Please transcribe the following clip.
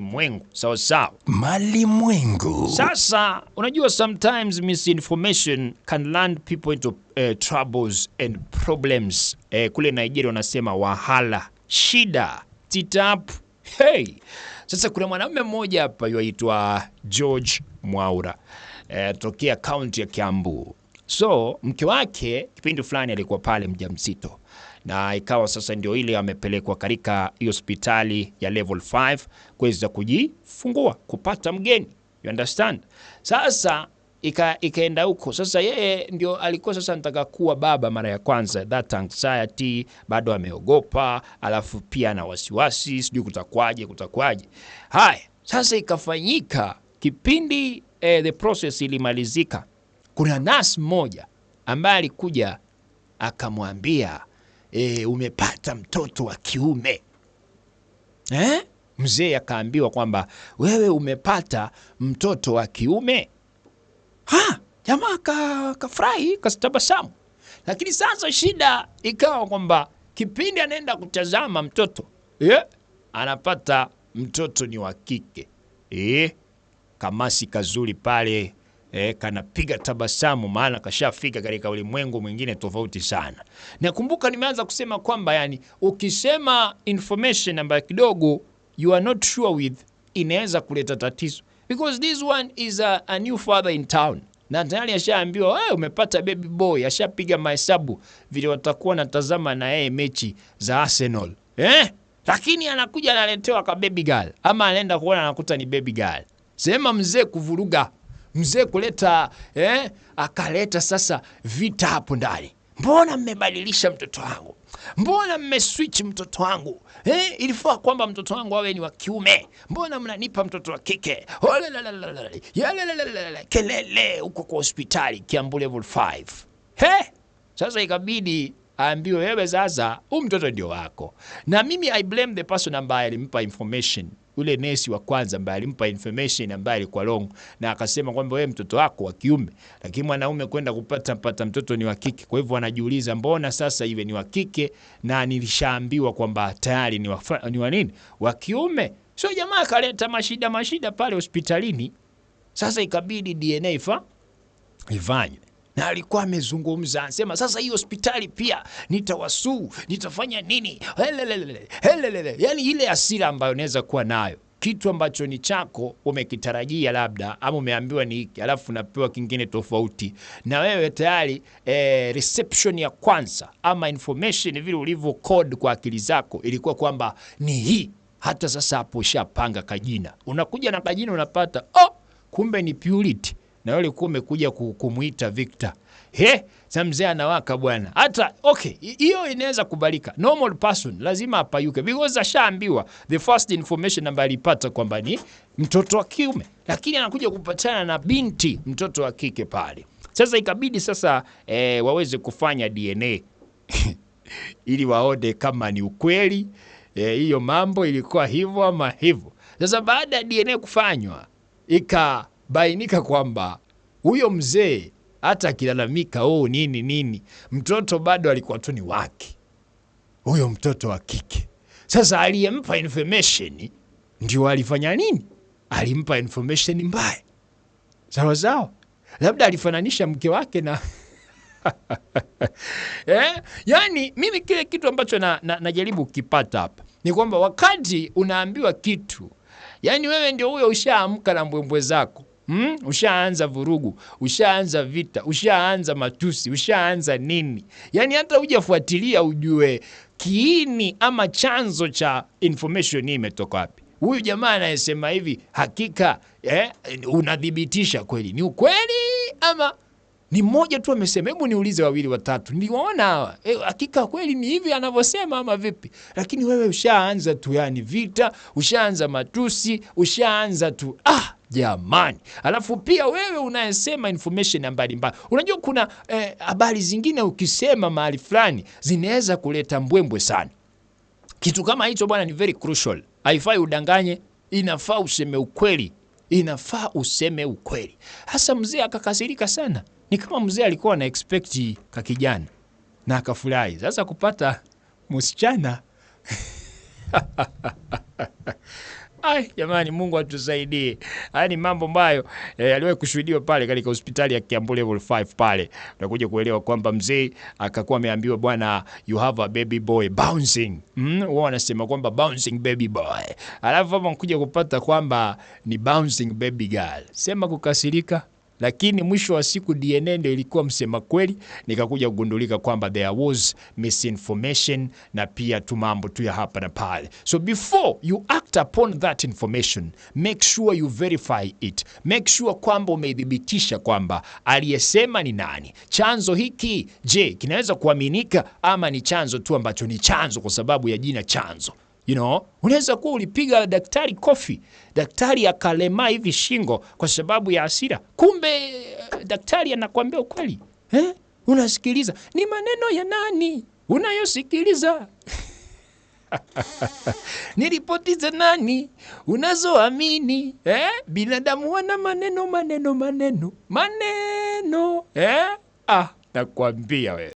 Malimwengu, sawa sawa, malimwengu. Sasa unajua, sometimes misinformation can land people into uh, troubles and problems. Uh, kule Nigeria wanasema wahala, shida, titap. Hey, sasa kuna mwanaume mmoja hapa yuaitwa George Mwaura Uh, tokea kaunti ya Kiambu So mke wake kipindi fulani alikuwa pale mjamzito, na ikawa sasa ndio ile amepelekwa katika hospitali ya level 5 kuweza kujifungua kupata mgeni, you understand. Sasa ika, ikaenda huko sasa, yeye ndio alikuwa sasa anataka kuwa baba mara ya kwanza, that anxiety, bado ameogopa, alafu pia na wasiwasi, sijui kutakwaje, kutakwaje. Haya sasa ikafanyika kipindi eh, the process ilimalizika kuna nas mmoja ambaye alikuja akamwambia e, umepata mtoto wa kiume eh? Mzee akaambiwa kwamba wewe umepata mtoto wa kiume ha, jamaa kafurahi ka lakini sasa shida ikawa kwamba kipindi anaenda kutazama mtoto eh? anapata mtoto ni wa kike eh? kamasi kazuri pale E, kanapiga tabasamu maana kashafika katika ulimwengu mwingine tofauti sana. Nakumbuka nimeanza kusema kwamba yani, ukisema information ambayo kidogo you are not sure with inaweza kuleta tatizo because this one is a, a new father in town na tayari ashaambiwa wewe umepata baby boy, ashapiga mahesabu vile watakuwa natazama na yeye mechi za Arsenal eh? Lakini anakuja analetewa ka baby girl ama anaenda kuona anakuta ni baby girl, sema mzee kuvuruga mzee kuleta eh, akaleta sasa vita hapo ndani. Mbona mmebadilisha mtoto wangu? Mbona mmeswitch mtoto wangu eh? Ilifaa kwamba mtoto wangu awe ni wa kiume, mbona mnanipa mtoto wa kike? Kelele huko kwa hospitali Kiambu level 5. He? Sasa ikabidi aambiwe, wewe sasa huu mtoto ndio wako, na mimi I blame the person ambaye alimpa information yule nesi wa kwanza ambaye alimpa information ambaye alikuwa long na akasema kwamba wewe mtoto wako wa kiume, lakini mwanaume kwenda kupata mpata mtoto ni wa kike. Kwa hivyo anajiuliza mbona sasa iwe ni wa kike na nilishaambiwa kwamba tayari ni wa ni wa nini wa kiume. So jamaa akaleta mashida mashida pale hospitalini. Sasa ikabidi DNA fa ifanye na alikuwa amezungumza, anasema sasa hii hospitali pia nitawasuu, nitafanya nini, helelele, helelele. Yani ile asira ambayo unaweza kuwa nayo kitu ambacho ni chako umekitarajia labda ama umeambiwa ni hiki, alafu unapewa kingine tofauti na wewe tayari. E, reception ya kwanza ama information vile ulivyo code kwa akili zako ilikuwa kwamba ni hii. Hata sasa hapo ushapanga kajina, unakuja na kajina unapata, oh, kumbe ni purity na wewe ulikuwa umekuja kumwita Victor. He, sasa mzee anawaka bwana. Hata okay, hiyo inaweza kubalika. Normal person lazima apayuke because ashaambiwa the first information ambayo alipata kwamba ni mtoto wa kiume, lakini anakuja kupatana na binti mtoto wa kike pale. Sasa ikabidi sasa e, waweze kufanya DNA ili waone kama ni ukweli eh, hiyo e, mambo ilikuwa hivyo ama hivyo. Sasa baada ya DNA kufanywa ika bainika kwamba huyo mzee hata akilalamika oh, nini nini, mtoto bado alikuwa tu ni wake, huyo mtoto wa kike. Sasa aliyempa information ndio alifanya nini? Alimpa information mbaya, sawa sawa. Labda alifananisha mke wake na eh? Yani mimi kile kitu ambacho na, na, najaribu kipata hapa ni kwamba wakati unaambiwa kitu, yani wewe ndio huyo ushaamka na mbwembwe zako Hmm? Ushaanza vurugu, ushaanza vita, ushaanza matusi, ushaanza nini? Yaani hata hujafuatilia ujue kiini ama chanzo cha information hii imetoka wapi. Huyu jamaa anayesema hivi hakika eh, unadhibitisha kweli ni ukweli ama ni mmoja tu amesema? Hebu niulize wawili watatu, niwaona hawa e, hakika kweli ni hivi anavyosema ama vipi? Lakini wewe ushaanza tu yani vita, ushaanza matusi, ushaanza tu ah! jamani. Alafu pia wewe unayesema information ya mbalimbali, unajua kuna eh, habari eh, zingine ukisema mahali fulani zinaweza kuleta mbwembwe sana. Kitu kama hicho bwana, ni very crucial. Haifai udanganye, inafaa useme ukweli, inafaa useme ukweli. Hasa mzee akakasirika sana, ni kama mzee alikuwa na expect ka kijana na akafurahi, sasa kupata msichana Ai, jamani Mungu atusaidie. Haya ni mambo ambayo eh, aliwahi kushuhudiwa pale katika hospitali ya Kiambu level 5 pale. Unakuja kuelewa kwamba mzee akakuwa ameambiwa bwana, you have a baby boy bouncing. Mm, wao wanasema kwamba bouncing baby boy. Alafu hapo kupata kwamba ni bouncing baby girl. Sema kukasirika lakini mwisho wa siku DNA ndio ilikuwa msema kweli. Nikakuja kugundulika kwamba there was misinformation na pia tu mambo tu ya hapa na pale. So before you act upon that information, make sure you verify it, make sure kwamba umeidhibitisha kwamba aliyesema ni nani, chanzo hiki je, kinaweza kuaminika ama ni chanzo tu ambacho ni chanzo kwa sababu ya jina chanzo. You know, unaweza kuwa ulipiga daktari kofi, daktari akalema hivi shingo kwa sababu ya hasira, kumbe eh, daktari anakuambia ukweli eh? Unasikiliza, ni maneno ya nani unayosikiliza? ni ripoti za nani unazoamini eh? Binadamu wana maneno maneno maneno maneno eh? Ah, nakwambia we.